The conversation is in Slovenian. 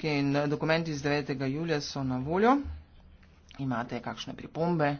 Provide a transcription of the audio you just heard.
in dokumenti z 9. julija so na voljo. Imate kakšne pripombe,